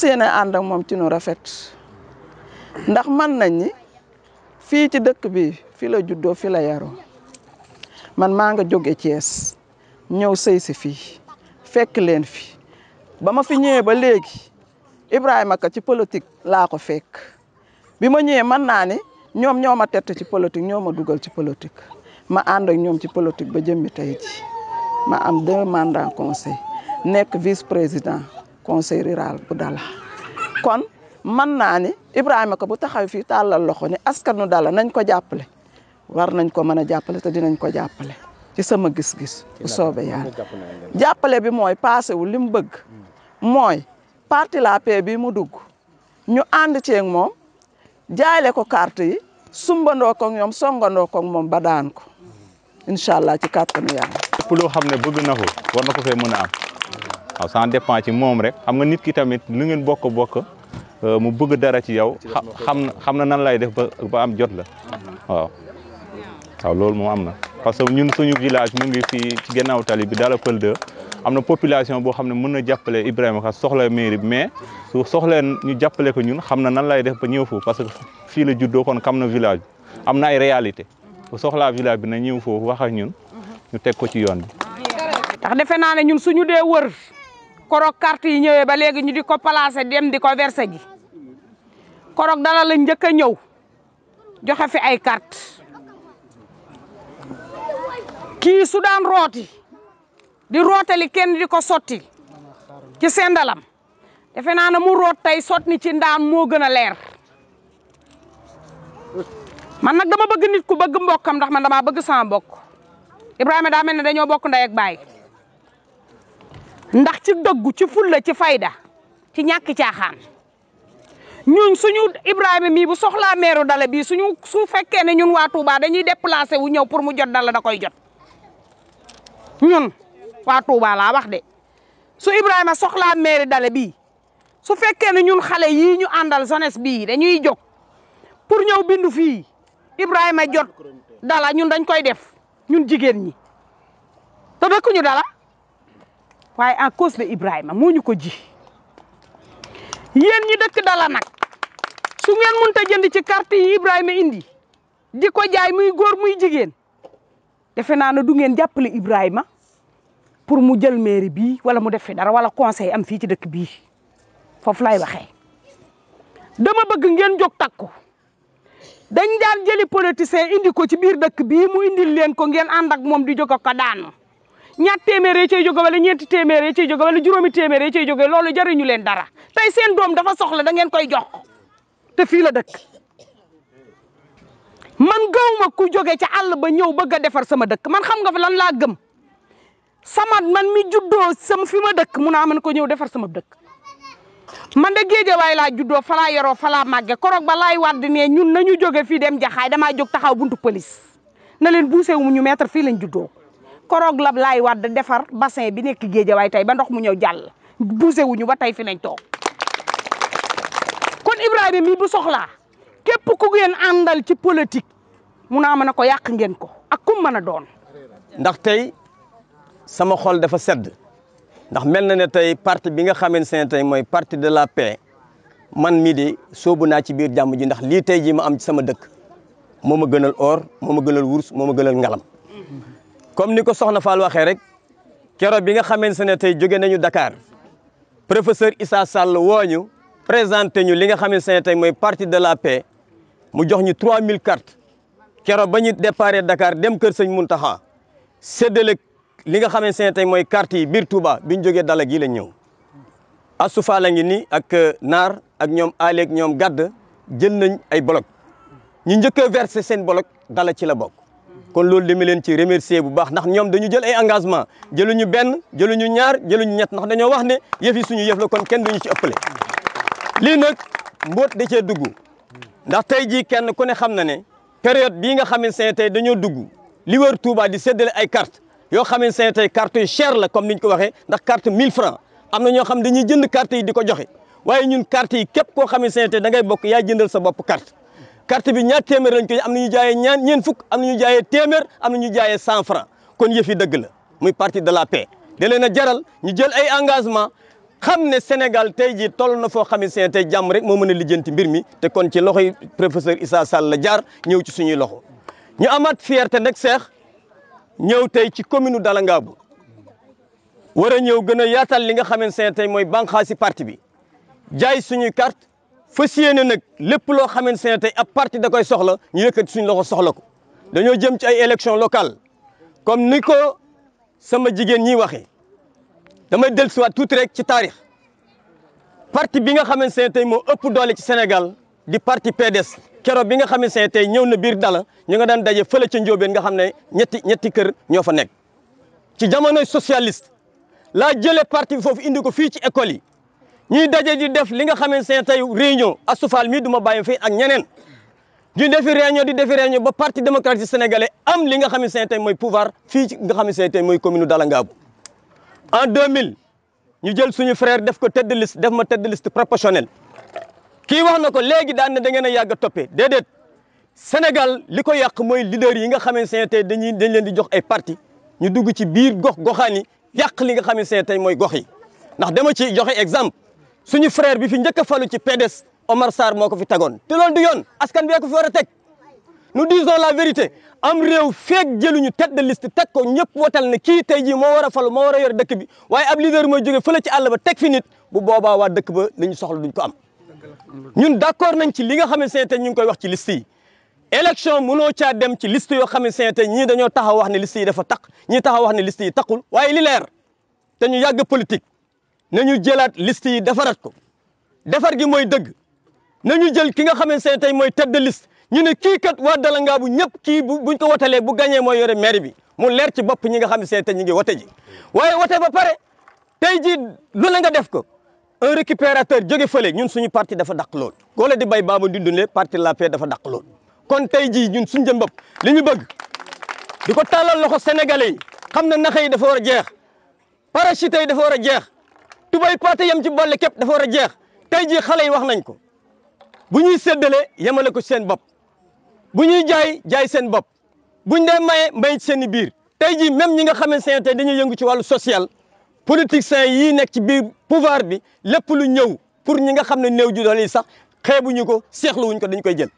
seene ànd ak moom ci nu rafet ndax man nañ ni fii ci dëkk bi fi la juddoo fi la yaroo man maa nga jóge Thiès ñëw sëy fii fekk leen fi ba ma fi ñëwee ba léegi Ibrahima ka ci politique laa ko fekk bi ma ñëwee mën naa ne ñoom ñoo ma tett ci politique ñoo ma dugal ci politique ma ànd ak ñoom ci politique ba jëmmi tey ji ma am deux mandats conseil nekk vice président conseil rural bu Dala kon man naa ni Ibrahima ko bu taxaw fii tàllal loxo ni askanu Dala nañ ko jàppale war nañ ko mën a jàppale te dinañ ko jàppale ci sama gis-gis bu soobee yàlla jàppale bi mooy passé wu li mu bëgg mm. mooy parti la paix bi mu dugg ñu ànd ceeg moom jaayale ko kart yi sumbandoo ko ñoom songandoo ko moom ba ko incha allah ci kàttanu yàlla. lépp loo xam ne bëgg na ko war na ko fee mën a am waaw ça ci moom rek xam nga nit ki tamit lu ngeen bokk bokk euh, mu bëgg dara ci yow xam na xam na nan lay def ba am jot la waaw waaw loolu moom am na parce que ñun suñu village mu ngi fii ci gannaaw tali bi daala pël 2 am na population boo xam ne mën na jàppale Ibrahima Kane soxla mairie bi mais su soxlee ñu jàppale ko ñun xam na nan lay def ba ñëw foofu parce que fii la juddoo kon xam na village bi am na ay réalité bu soxlaa village bi na ñëw foofu wax ak ñun ñu teg ko ci yoon bi. ndax defe naa ne ñun suñu dee wër korog carte yi ñëwee ba léegi ñu di ko placé dem di ko versé ji korog dala la njëkk a ñëw joxe fi ay carte kii su rooti. di rootali kenn di ko sotti ci sendalam defe naa ne mu root tey sot ni ci ndaam moo gën a leer man nag dama bëgg nit ku bëgg mbokkam ndax man damaa bëgg sama mbokk Ibrahima daa mel ne dañoo bokk ndey ak baay ndax ci dëggu ci fulla ci fayda ci ñàkk caaxaan ñun suñu Ibrahima mii bu soxlaa meeru dala bii suñu su fekkee ne ñun waa Touba dañuy déplacé wu ñëw pour mu jot dala da koy jot ñun. waa Touba laa wax de su Ibrahima soxlaa mairie dale bii su fekkee ne ñun xale yii ñu àndal jeunesse bii dañuy jóg pour ñëw bindu fii Ibrahima jot dala ñun dañ koy def ñun jigéen ñi te ñu dala waaye en cause de Ibrahima moo ñu ko ji yéen ñi dëkk dala nag su ngeen mënta jënd ci carte yi Ibrahima indi di ko jaay muy góor muy jigéen defe naa ne du ngeen jàppale Ibrahima pour mu jël mairie bii wala mu def dara wala conseil am fii ci dëkk bii foofu lay waxe dama bëgg ngeen jóg takku dañ daan jëli politicien indi ko ci biir dëkk bi mu indil leen ko ngeen ànd ak moom di jóg ko daanu ñaat téeméer yi cay jóge wala ñeenti téeméer yi cay jóge wala juróomi téeméer yi cay jóge loolu jariñu leen dara tey seen doom dafa soxla da ngeen koy jox te fii la dëkk man gawma ku jóge ci àll ba ñëw bëgg a defar sama dëkk man xam nga fi lan laa gëm sama man mi juddoo sam fi ma dëkk mun naa mën ko ñëw defar sama dëkk man de géejawaay laa juddoo falaa yoroo falaa màgge koroog ba laay wadd ne ñun ñu jóge fii dem jaxaay damaa jóg taxaw buntu police na leen buuse wu ñu mètre fii lañ juddoo koroog la laay wadd defar bassin bi nekk géeja géejawaay tey ba ndox mu ñëw jàll buuse wuñu ba tey fi lañ toog kon Ibrahima mii bu soxlaa képp ku ngeen àndal ci politique mun naa mën a ko yàq ngeen ko ak kum mën a doon ndax tey sama xol dafa sedd ndax mel na ne tey parti bi nga xamante ne tey mooy parti de la paix man mii de soobu naa ci biir jàmm ji ndax lii tey jii ma am ci sama dëkk moo ma gënal or moo ma gënal wurs moo ma gënal ngalam. comme ni ko Soxna Fall waxee rek keroog bi nga xamante ne tey jóge nañu Dakar professeur Issa Sall woo ñu présenté ñu li nga xamante ne tey mooy parti de la paix mu jox ñu mille cartes kero ba ñu déparé dakaar dem Kër sañ Mountakha séddale li nga xamante ne tey mooy quartier yi biir Touba bi ñu jógee dala gii lañ ñëw Asoufa la ngi ni ak euh, Naar ak ñoom Ali ñoom Gadd jël nañ ay bloc ñu njëkk a seen bloc dala ci la bokk. kon loolu dama leen ci remercier bu baax ndax ñoom dañu jël ay engagement ñu benn ñu ñaar jëluñu ñett ndax dañoo wax ne yëfi suñu yëf la kon kenn dañu ci ëppale. lii nag mbóot da cee dugg ndax tey jii kenn ku ne xam na ne période bii nga xamante ne tey dañoo dugg li wër Touba di séddale ay carte yoo xamee ne tey carte yu cher la comme ni ñu ko waxee ndax carte 1000 francs am ñoo xam dañuy jënd carte yi ko joxe waaye ñun carte yi képp koo xamee ne tey da bokk yaa jëndal sa bopp carte carte bi ñaar téeméer lañ ko am na ñu jaayee ñaan ñeen fukk am ñu jaayee téeméer am na jaayee 100 kon yëf yi dëgg la muy parti de la paix da leen a jaral ñu jël ay engagement xam ne Sénégal tey jii toll na foo xam ne tey jàmm rek moo mën a lijjanti mbir mi te kon ci yi professeur Issa Sall la jaar ñëw ci suñuy loxo ñu amaat fierté nag Cheikh ñëw tey ci commune Dalangaabu war ñëw gën a yaatal li nga xamante ne tey mooy bànqaasi parti bi jaay suñuy carte fas yéene nag lépp loo xamante ne tey ab parti da koy soxla ñu yëkkati suñu loxo soxla ko dañoo jëm ci ay élection locale comme ni ko sama jigéen ñi waxee damay dellusiwaat tuuti rek ci taarix parti bi nga xamante ne tey moo ëpp doole ci Sénégal di parti PDS keroog bi nga xam ne tey ñëw na biir dala ñu nga daan daje fële ca Njóobeen nga xam ne ñetti ñetti kër ñoo fa nekk ci jamonoy socialiste laa jëlee parti foofu indi ko fii ci école yi ñuy daje di def li nga xamante ne tey réunion asufaal mii du ma bàyyi fii ak ñeneen di defi réunion di defi réunion ba parti démocratique sénégalais am li nga xamante ne tey mooy pouvoir fii ci nga xamante ne tey mooy commune Dalla ngaabu en 2000 ñu jël suñu frère def ko tête de def ma tedd de liste proportionnelle kii wax na ko léegi daan ne da ngeen a yàgg a toppee déedéet Sénégal li ko yàq mooy leader yi nga xamante ne tey dañuy dañ leen di jox ay parti ñu dugg ci biir gox goxaan yi yàq li nga xamante ne tey mooy gox yi ndax dama ci joxe exemple suñu frère bi fi njëkk a falu ci PDS Omar Sarr moo ko fi tagoon te loolu du yoon askan bi ko fi war a teg nous disons la vérité am réew feeg jëluñu tête de liste teg ko ñëpp watal ne kii tey jii moo war a falu moo war a yor dëkk bi waaye ab leader mooy jóge fële ci àll ba teg fi nit bu boobaa dëkk ba li ñu soxla duñ ko am ñun d' accord nañ ci li nga xam ne te ñu ngi koy wax ci liste yi. élection mënoo caa dem ci liste yoo xam ne seen ñii dañoo taxaw wax ne liste yi dafa taq ñii taxaw wax ne liste yi taqul waaye li leer te ñu yàgg politique ñu jëlaat liste yi defaraat ko defar gi mooy dëgg na nañu jël ki nga xam ne seen tey mooy tête de ñu ne kii kat waa Dalanga bu ñëpp kii bu buñ ko wotalee bu gañee mooy yore maire bi mu leer ci bopp ñi nga xam ne seen te ñu ngi wote ji waaye wote ba pare tey jii lu nga def ko. un récupérateur jóge fële ñun suñu parti dafa dàq lool Golo di bay Baba di dundee parti la paix dafa dàq lool kon tey jii ñun suñu jëm bopp li ñu bëgg di ko tàllal loxo sénégalais yi xam na nax yi dafa war a jeex parachute yi dafa war a jeex tubay paate yem ci boole képp dafa war a jeex tey jii xale yi wax nañ ko bu ñuy séddale yemale ko seen bopp bu ñuy jaay jaay seen bopp buñ dee may mbay seen i biir tey jii même ñi nga xamante ne dañuy yëngu ci wàllu social politiciens yii nekk ci biir pouvoir bi lépp lu ñëw pour ñi nga xam ne néew ju doole yi sax xeebuñu ko seexluwuñ ko dañ koy jël